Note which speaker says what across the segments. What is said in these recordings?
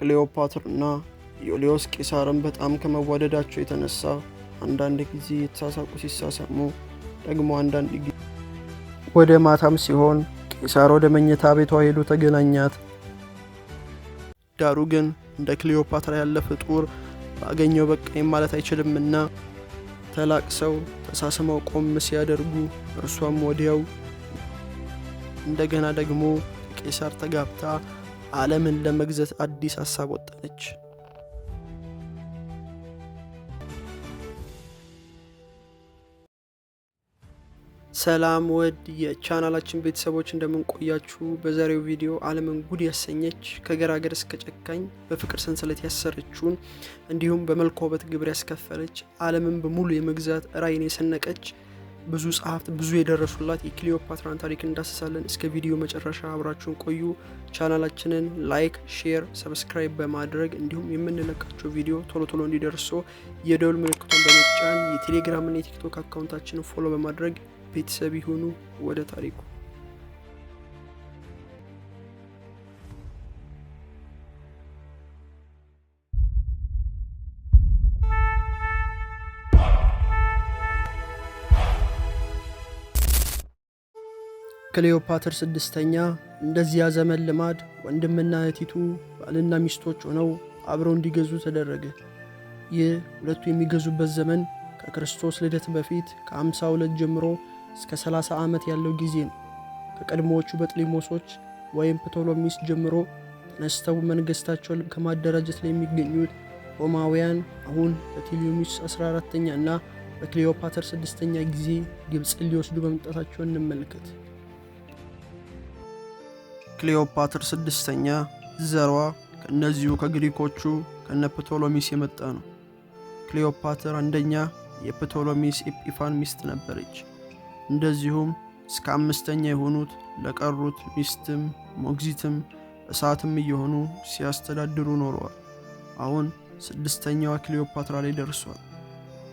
Speaker 1: ክሌዎፓትርና ዩልዮስ ቄሳርን በጣም ከመዋደዳቸው የተነሳ አንዳንድ ጊዜ የተሳሳቁ ሲሳሰሙ ደግሞ አንዳንድ ጊዜ
Speaker 2: ወደ ማታም ሲሆን ቄሳር ወደ መኝታ ቤቷ ሄዶ ተገናኛት። ዳሩ ግን እንደ ክሊዮፓትራ ያለ ፍጡር ባገኘው በቃኝ ማለት አይችልምና ተላቅሰው ተሳስመው ቆም ሲያደርጉ እርሷም ወዲያው እንደገና ደግሞ ቄሳር ተጋብታ ዓለምን ለመግዛት አዲስ ሀሳብ ወጠነች። ሰላም ወድ የቻናላችን ቤተሰቦች እንደምንቆያችሁ። በዛሬው ቪዲዮ አለምን ጉድ ያሰኘች ከገራገር እስከ ጨካኝ በፍቅር ሰንሰለት ያሰረችውን እንዲሁም በመልኮበት ውበት ግብር ያስከፈለች አለምን በሙሉ የመግዛት ራይን የሰነቀች ብዙ ጸሐፍት ብዙ የደረሱላት የክሊዮፓትራን ታሪክ እንዳስሳለን። እስከ ቪዲዮ መጨረሻ አብራችሁን ቆዩ። ቻናላችንን ላይክ፣ ሼር፣ ሰብስክራይብ በማድረግ እንዲሁም የምንለቃቸው ቪዲዮ ቶሎ ቶሎ እንዲደርሶ የደውል ምልክቱን በመጫን የቴሌግራምና የቲክቶክ አካውንታችንን ፎሎ በማድረግ ቤተሰብ ይሁኑ። ወደ ታሪኩ ክሌዮፓትር ስድስተኛ እንደዚያ ዘመን ልማድ ወንድምና እህቲቱ ባልና ሚስቶች ሆነው አብረው እንዲገዙ ተደረገ። ይህ ሁለቱ የሚገዙበት ዘመን ከክርስቶስ ልደት በፊት ከ52 ጀምሮ እስከ 30 ዓመት ያለው ጊዜ ነው። ከቀድሞዎቹ በጥሊሞሶች ወይም ፕቶሎሚስ ጀምሮ ተነስተው መንግሥታቸውን ከማደራጀት ላይ የሚገኙት ሮማውያን አሁን በቴሊዮሚስ 14 ተኛ እና 6 ስድስተኛ ጊዜ ግብፅን ሊወስዱ መምጣታቸውን እንመልከት። ክሊዮፓትር ስድስተኛ ዘሯ ከእነዚሁ ከግሪኮቹ ከነ ፕቶሎሚስ የመጣ ነው። ክሌዎፓትር አንደኛ የፕቶሎሚስ ኤጲፋን ሚስት ነበረች። እንደዚሁም እስከ አምስተኛ የሆኑት ለቀሩት ሚስትም ሞግዚትም እሳትም እየሆኑ ሲያስተዳድሩ ኖረዋል። አሁን ስድስተኛዋ ክሊዮፓትራ ላይ ደርሷል።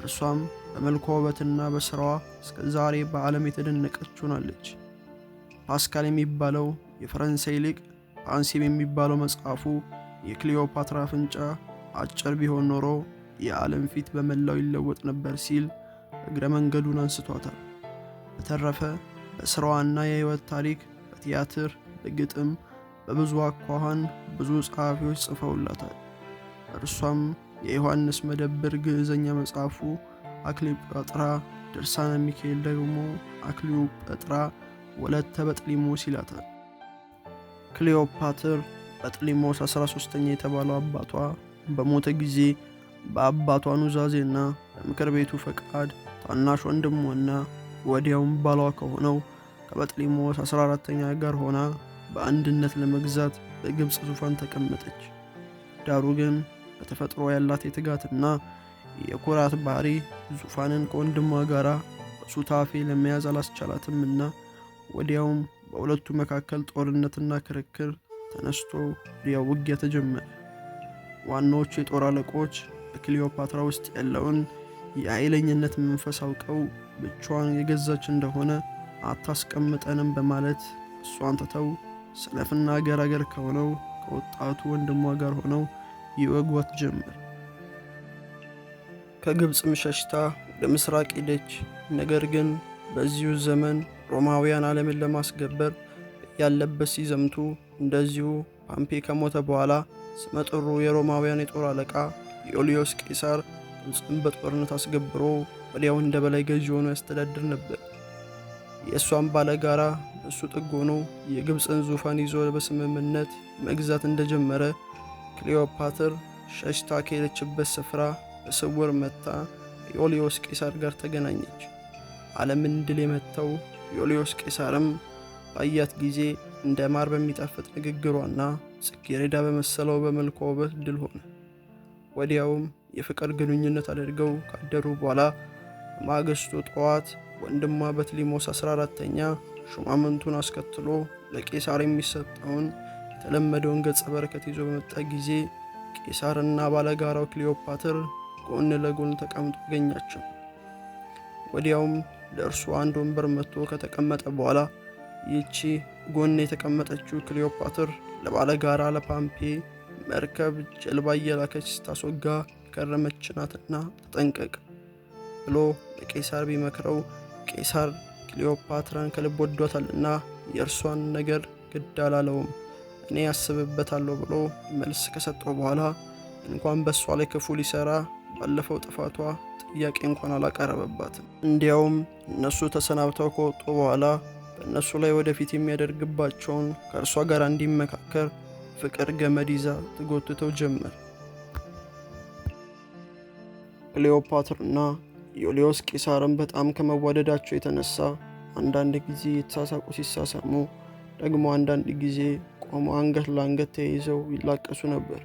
Speaker 2: እርሷም በመልኳ ውበትና በሥራዋ እስከ ዛሬ በዓለም የተደነቀች ፓስካል የሚባለው የፈረንሳይ ሊቅ አንሲም የሚባለው መጽሐፉ የክሊዮፓትራ አፍንጫ አጭር ቢሆን ኖሮ የዓለም ፊት በመላው ይለወጥ ነበር ሲል እግረ መንገዱን አንስቷታል። በተረፈ በሥራዋና የሕይወት ታሪክ በቲያትር፣ በግጥም፣ በብዙ አኳኋን ብዙ ጸሐፊዎች ጽፈውላታል። እርሷም የዮሐንስ መደብር ግዕዘኛ መጽሐፉ አክሊዮጳጥራ፣ ድርሳነ ሚካኤል ደግሞ አክሊዮጳጥራ ወለተ በጥሊሞስ ይላታል። ክሊዮፓትር በጥሊሞስ 13ኛ የተባለው አባቷ በሞተ ጊዜ በአባቷ ኑዛዜና በምክር ቤቱ ፈቃድ ታናሽ ወንድሟና ወዲያውም ባሏ ከሆነው ከበጥሊሞስ 14ተኛ ጋር ሆና በአንድነት ለመግዛት በግብፅ ዙፋን ተቀመጠች። ዳሩ ግን በተፈጥሮ ያላት የትጋትና የኩራት ባህሪ ዙፋንን ከወንድሟ ጋር በሱታፌ ለመያዝ አላስቻላትምና ወዲያውም በሁለቱ መካከል ጦርነትና ክርክር ተነስቶ ወዲያ ውጊያ ተጀመረ። ዋናዎቹ የጦር አለቆች በክሊዮፓትራ ውስጥ ያለውን የአይለኝነት መንፈስ አውቀው ብቻዋን የገዛች እንደሆነ አታስቀምጠንም በማለት እሷን ትተው ሰነፍና ገራገር ከሆነው ከወጣቱ ወንድሟ ጋር ሆነው ይወጓት ጀመር። ከግብፅም ሸሽታ ወደ ምስራቅ ሄደች። ነገር ግን በዚሁ ዘመን ሮማውያን ዓለምን ለማስገበር ያለበት ሲዘምቱ፣ እንደዚሁ ፓምፔ ከሞተ በኋላ ስመጥሩ የሮማውያን የጦር አለቃ ዮልዮስ ቄሳር ግብፅን በጦርነት አስገብሮ ወዲያው እንደ በላይ ገዢ ሆኖ ያስተዳድር ነበር። የእሷን ባለጋራ እሱ ጥግ ሆኖ የግብፅን ዙፋን ይዞ በስምምነት መግዛት እንደጀመረ ክሌዎፓትር ሸሽታ ከሄደችበት ስፍራ በስውር መታ ዮልዮስ ቄሳር ጋር ተገናኘች። ዓለምን ድል የመታው ዮልዮስ ቄሳርም ባያት ጊዜ እንደ ማር በሚጣፍጥ ንግግሯና ጽጌረዳ በመሰለው በመልኳ ውበት ድል ሆነ። ወዲያውም የፍቅር ግንኙነት አድርገው ካደሩ በኋላ ማግስቱ ጠዋት ወንድሟ በትሊሞስ 14ተኛ ሹማምንቱን አስከትሎ ለቄሳር የሚሰጠውን የተለመደውን ገጸ በረከት ይዞ በመጣ ጊዜ ቄሳርና ባለጋራው ክሊዮፓትር ጎን ለጎን ተቀምጦ አገኛቸው። ወዲያውም ለእርሱ አንድ ወንበር መጥቶ ከተቀመጠ በኋላ ይቺ ጎን የተቀመጠችው ክሊዮፓትር ለባለ ጋራ ለፓምፔ መርከብ ጀልባ እየላከች ስታስወጋ ከረመች ተጠንቀቅ ብሎ ለቄሳር ቢመክረው ቄሳር ክሊዮፓትራን ከልብ ወዷታልና የእርሷን ነገር ግድ አላለውም። እኔ ያስብበታለሁ ብሎ መልስ ከሰጠው በኋላ እንኳን በእሷ ላይ ክፉ ሊሰራ ባለፈው ጥፋቷ ጥያቄ እንኳን አላቀረበባትም። እንዲያውም እነሱ ተሰናብተው ከወጡ በኋላ በእነሱ ላይ ወደፊት የሚያደርግባቸውን ከእርሷ ጋር እንዲመካከር ፍቅር ገመድ ይዛ ትጎትተው ጀመር። ክሌዎፓትርና ዮልዮስ ቂሳርን በጣም ከመዋደዳቸው የተነሳ አንዳንድ ጊዜ የተሳሳቁ ሲሳሰሙ ደግሞ አንዳንድ ጊዜ ቆመው አንገት ለአንገት ተያይዘው ይላቀሱ ነበር።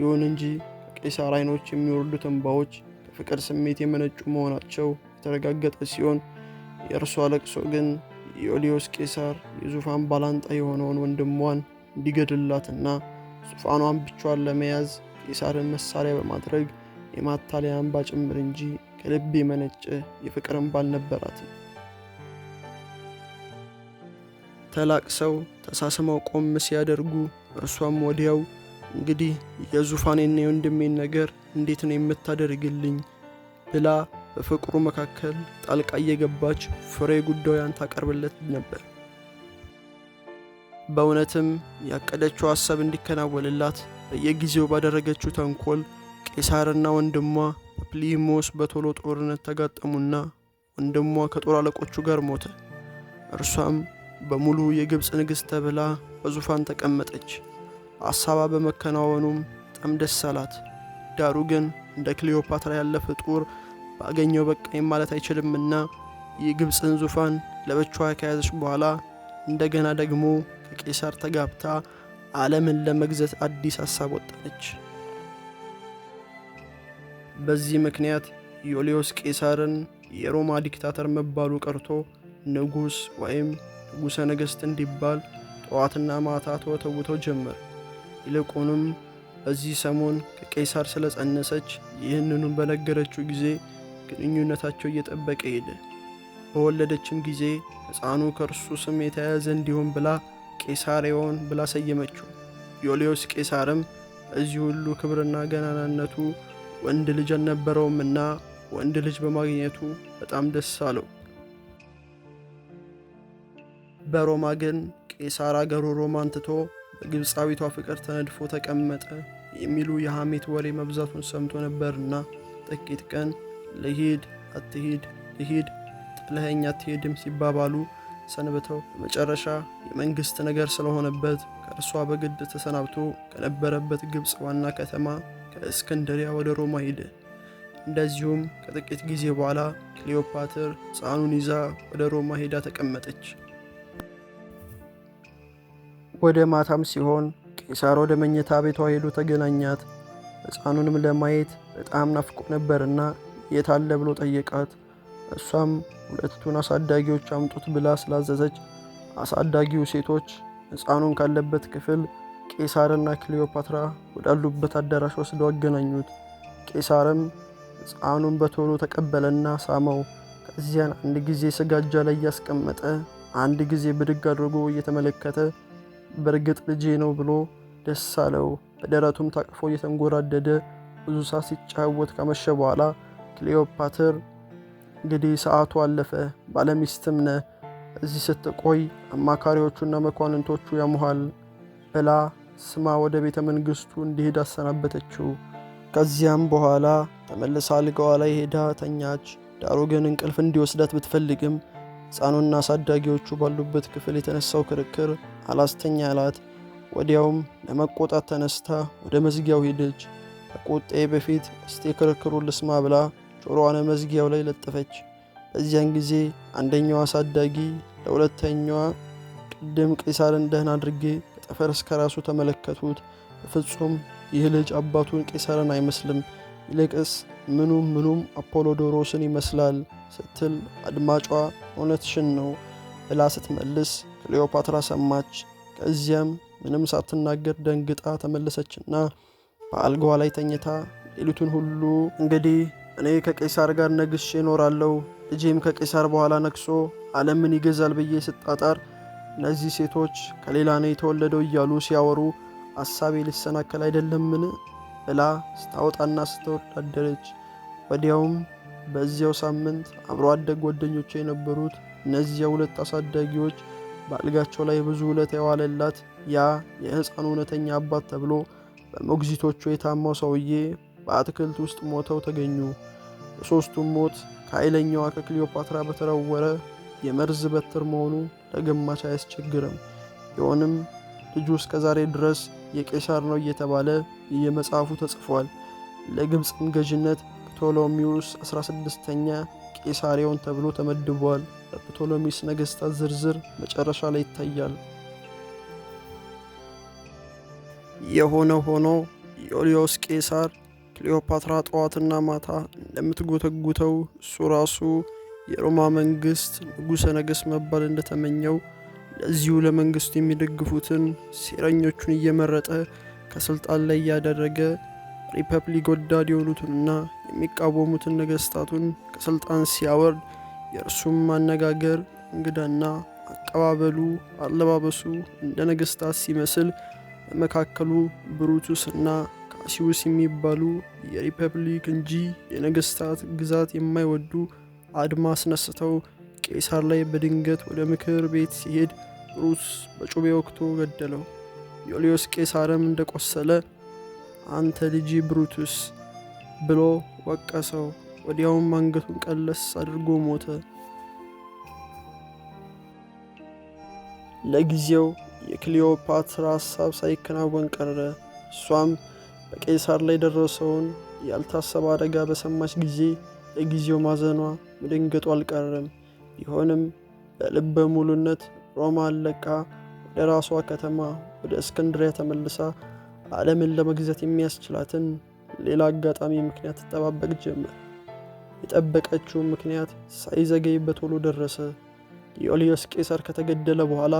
Speaker 2: ይሁን እንጂ ከቄሳር አይኖች የሚወርዱት እንባዎች ከፍቅር ስሜት የመነጩ መሆናቸው የተረጋገጠ ሲሆን የእርሷ ለቅሶ ግን የኦሊዮስ ቄሳር የዙፋን ባላንጣ የሆነውን ወንድሟን እንዲገድላትና ዙፋኗን ብቻዋን ለመያዝ ቄሳርን መሳሪያ በማድረግ የማታለያ እንባ ጭምር እንጂ ከልብ የመነጨ የፍቅር እንባ አልነበራትም። ተላቅሰው ተሳስመው ቆም ሲያደርጉ እርሷም ወዲያው እንግዲህ የዙፋኔና የወንድሜን ነገር እንዴት ነው የምታደርግልኝ? ብላ በፍቅሩ መካከል ጣልቃ እየገባች ፍሬ ጉዳዩን ታቀርብለት ነበር። በእውነትም ያቀደችው ሐሳብ እንዲከናወንላት በየጊዜው ባደረገችው ተንኮል ቄሳርና ወንድሟ በፕሊሞስ በቶሎ ጦርነት ተጋጠሙና ወንድሟ ከጦር አለቆቹ ጋር ሞተ። እርሷም በሙሉ የግብፅ ንግሥት ተብላ በዙፋን ተቀመጠች። አሳባ በመከናወኑም በጣም ደስ አላት። ዳሩ ግን እንደ ክሊዮፓትራ ያለ ፍጡር ባገኘው በቃኝ ማለት አይችልምና የግብፅን ዙፋን ለብቻዋ ከያዘች በኋላ እንደገና ደግሞ ከቄሳር ተጋብታ ዓለምን ለመግዘት አዲስ ሀሳብ ወጠነች። በዚህ ምክንያት ዮልዮስ ቄሳርን የሮማ ዲክታተር መባሉ ቀርቶ ንጉሥ ወይም ንጉሠ ነገሥት እንዲባል ጠዋትና ማታ ተወተውተው ጀመር። ይልቁንም በዚህ ሰሞን ከቄሳር ስለጸነሰች ይህንኑን በነገረችው ጊዜ ግንኙነታቸው እየጠበቀ ሄደ። በወለደችም ጊዜ ሕፃኑ ከእርሱ ስም የተያያዘ እንዲሆን ብላ ቄሳሬዎን ብላ ሰየመችው። ዮልዮስ ቄሳርም በዚህ ሁሉ ክብርና ገናናነቱ ወንድ ልጅ አልነበረውምና ወንድ ልጅ በማግኘቱ በጣም ደስ አለው። በሮማ ግን ቄሳር አገሩ ሮማን ትቶ ግብፃዊቷ ፍቅር ተነድፎ ተቀመጠ የሚሉ የሐሜት ወሬ መብዛቱን ሰምቶ ነበርና ጥቂት ቀን ልሂድ አትሂድ፣ ልሂድ ጥለኸኝ አትሄድም ሲባባሉ ሰንብተው በመጨረሻ የመንግስት ነገር ስለሆነበት ከእርሷ በግድ ተሰናብቶ ከነበረበት ግብፅ ዋና ከተማ ከእስክንድሪያ ወደ ሮማ ሄደ። እንደዚሁም ከጥቂት ጊዜ በኋላ ክሊዮፓትር ሕፃኑን ይዛ ወደ ሮማ ሄዳ ተቀመጠች። ወደ ማታም ሲሆን ቄሳር ወደ መኝታ ቤቷ ሄዶ ተገናኛት። ሕፃኑንም ለማየት በጣም ናፍቆ ነበርና የት አለ ብሎ ጠየቃት። እሷም ሁለቱን አሳዳጊዎች አምጡት ብላ ስላዘዘች አሳዳጊው ሴቶች ሕፃኑን ካለበት ክፍል ቄሳርና ክሊዮፓትራ ወዳሉበት አዳራሽ ወስደው አገናኙት። ቄሳርም ሕፃኑን በቶሎ ተቀበለና ሳመው። ከዚያን አንድ ጊዜ ስጋጃ ላይ እያስቀመጠ አንድ ጊዜ ብድግ አድርጎ እየተመለከተ በእርግጥ ልጄ ነው ብሎ ደስ አለው። በደረቱም ታቅፎ እየተንጎራደደ ብዙ ሰዓት ሲጫወት ከመሸ በኋላ ክሌዎፓትር እንግዲህ ሰዓቱ አለፈ፣ ባለሚስትም ነ እዚህ ስትቆይ አማካሪዎቹና መኳንንቶቹ ያሙሃል ብላ ስማ ወደ ቤተ መንግስቱ እንዲሄድ አሰናበተችው። ከዚያም በኋላ ተመልሳ አልጋዋ ላይ ሄዳ ተኛች። ዳሩ ግን እንቅልፍ እንዲወስዳት ብትፈልግም ሕፃኑና አሳዳጊዎቹ ባሉበት ክፍል የተነሳው ክርክር አላስተኛ አላት። ወዲያውም ለመቆጣት ተነስታ ወደ መዝጊያው ሄደች። ከቁጤ በፊት እስቲ ክርክሩ ልስማ ብላ ጆሮዋን መዝጊያው ላይ ለጠፈች። በዚያን ጊዜ አንደኛው አሳዳጊ ለሁለተኛዋ ቅድም ቄሳርን ደህና አድርጌ ከጠፈር እስከ ራሱ ተመለከቱት። በፍጹም ይህ ልጅ አባቱን ቄሳርን አይመስልም፣ ይልቅስ ምኑም ምኑም አፖሎዶሮስን ይመስላል ስትል አድማጯ እውነትሽን ነው ብላ ስትመልስ ክሊዮፓትራ ሰማች። ከዚያም ምንም ሳትናገር ደንግጣ ተመለሰችና በአልጋዋ ላይ ተኝታ ሌሊቱን ሁሉ እንግዲህ እኔ ከቄሳር ጋር ነግሼ እኖራለሁ፣ ልጄም ከቄሳር በኋላ ነግሶ ዓለምን ይገዛል ብዬ ስጣጣር እነዚህ ሴቶች ከሌላ ነው የተወለደው እያሉ ሲያወሩ አሳቤ ሊሰናከል አይደለምን ብላ ስታወጣና ስተወዳደረች። ወዲያውም በዚያው ሳምንት አብሮ አደግ ጓደኞቼ የነበሩት እነዚያ ሁለት አሳዳጊዎች በአልጋቸው ላይ ብዙ ውለት የዋለላት ያ የሕፃኑ እውነተኛ አባት ተብሎ በሞግዚቶቹ የታማው ሰውዬ በአትክልት ውስጥ ሞተው ተገኙ። በሦስቱም ሞት ከኃይለኛዋ ከክሊዮፓትራ በተረወረ የመርዝ በትር መሆኑ ለግማሽ አያስቸግርም። ቢሆንም ልጁ እስከ ዛሬ ድረስ የቄሳር ነው እየተባለ የመጽሐፉ ተጽፏል። ለግብፅም ገዥነት ፕቶሎሚዎስ 16ኛ ቄሳሪዮን ተብሎ ተመድቧል። በፕቶሎሚስ ነገሥታት ዝርዝር መጨረሻ ላይ ይታያል። የሆነ ሆኖ ዮልዮስ ቄሳር ክሊዮፓትራ ጠዋትና ማታ እንደምትጎተጉተው እሱ ራሱ የሮማ መንግሥት ንጉሠ ነገሥት መባል እንደተመኘው ለዚሁ ለመንግሥቱ የሚደግፉትን ሴረኞቹን እየመረጠ ከሥልጣን ላይ እያደረገ ሪፐብሊክ ወዳድ የሆኑትንና የሚቃወሙትን ነገስታቱን ከስልጣን ሲያወርድ የእርሱም ማነጋገር እንግዳና አቀባበሉ አለባበሱ እንደ ነገስታት ሲመስል በመካከሉ እና ካሲዩስ የሚባሉ የሪፐብሊክ እንጂ የነገስታት ግዛት የማይወዱ አድማ አስነስተው ቄሳር ላይ በድንገት ወደ ምክር ቤት ሲሄድ ብሩቱስ በጩቤ ወቅቶ ገደለው ዮልዮስ ቄሳርም እንደቆሰለ አንተ ልጅ ብሩቱስ ብሎ ወቀሰው። ወዲያውም አንገቱን ቀለስ አድርጎ ሞተ። ለጊዜው የክሊዮፓትራ ሀሳብ ሳይከናወን ቀረ። እሷም በቄሳር ላይ ደረሰውን ያልታሰበ አደጋ በሰማች ጊዜ ለጊዜው ማዘኗ መደንገጡ አልቀረም። ቢሆንም በልበ ሙሉነት ሮማ አለቃ ወደ ራሷ ከተማ ወደ እስክንድሪያ ተመልሳ ዓለምን ለመግዛት የሚያስችላትን ሌላ አጋጣሚ ምክንያት ትጠባበቅ ጀመር። የጠበቀችው ምክንያት ሳይዘገይ በቶሎ ደረሰ። ዲዮልዮስ ቄሳር ከተገደለ በኋላ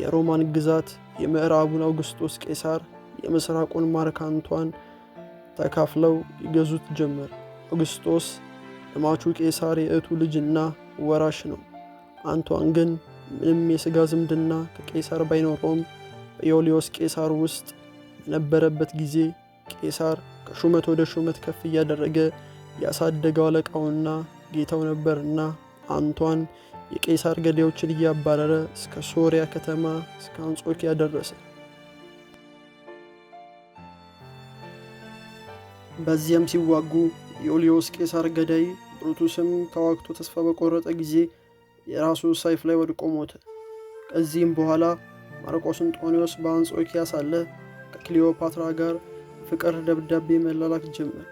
Speaker 2: የሮማን ግዛት የምዕራቡን አውግስጦስ ቄሳር የምስራቁን ማርካንቷን ተካፍለው ይገዙት ጀመር። አውግስጦስ ለማቹ ቄሳር የእቱ ልጅና ወራሽ ነው። አንቷን ግን ምንም የሥጋ ዝምድና ከቄሳር ባይኖረውም በዮልዮስ ቄሳር ውስጥ በነበረበት ጊዜ ቄሳር ከሹመት ወደ ሹመት ከፍ እያደረገ ያሳደገው አለቃውና ጌታው ነበርና አንቷን የቄሳር ገዳዮችን እያባረረ እስከ ሶሪያ ከተማ እስከ አንጾኪያ ደረሰ። በዚያም ሲዋጉ የኦሊዮስ ቄሳር ገዳይ ብሩቱስም ተዋግቶ ተስፋ በቆረጠ ጊዜ የራሱ ሰይፍ ላይ ወድቆ ሞተ። ከዚህም በኋላ ማርቆስ አንጦንዮስ በአንጾኪያ ሳለ ከክሊዮፓትራ ጋር ፍቅር ደብዳቤ መላላክ ጀመር።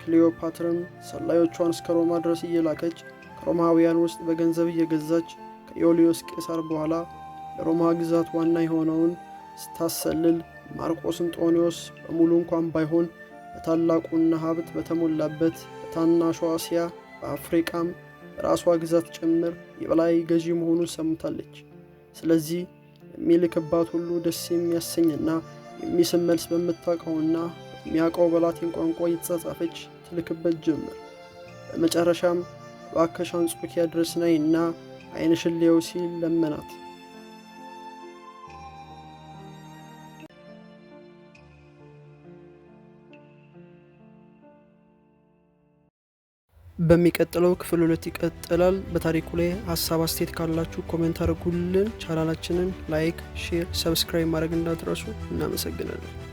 Speaker 2: ክሊዮፓትራም ሰላዮቿን እስከ ሮማ ድረስ እየላከች ከሮማውያን ውስጥ በገንዘብ እየገዛች ከዮልዮስ ቄሳር በኋላ የሮማ ግዛት ዋና የሆነውን ስታሰልል ማርቆስ እንጦኒዎስ በሙሉ እንኳን ባይሆን በታላቁና ሀብት በተሞላበት በታናሿ እስያ በአፍሪቃም በራሷ ግዛት ጭምር የበላይ ገዢ መሆኑን ሰምታለች። ስለዚህ የሚልክባት ሁሉ ደስ የሚያሰኝና የሚስም መልስ በምታውቀውና የሚያውቀው በላቲን ቋንቋ እየተጻጻፈች ትልክበት ጀመር። በመጨረሻም ባከሻን አንጾኪያ ድረስ ነይና ዓይንሽን ልየው ሲል ለመናት። በሚቀጥለው ክፍል ሁለት ይቀጥላል። በታሪኩ ላይ ሀሳብ አስተያየት ካላችሁ ኮሜንት አድርጉልን። ቻናላችንን ላይክ፣ ሼር፣ ሰብስክራይብ ማድረግ እንዳትረሱ። እናመሰግናለን።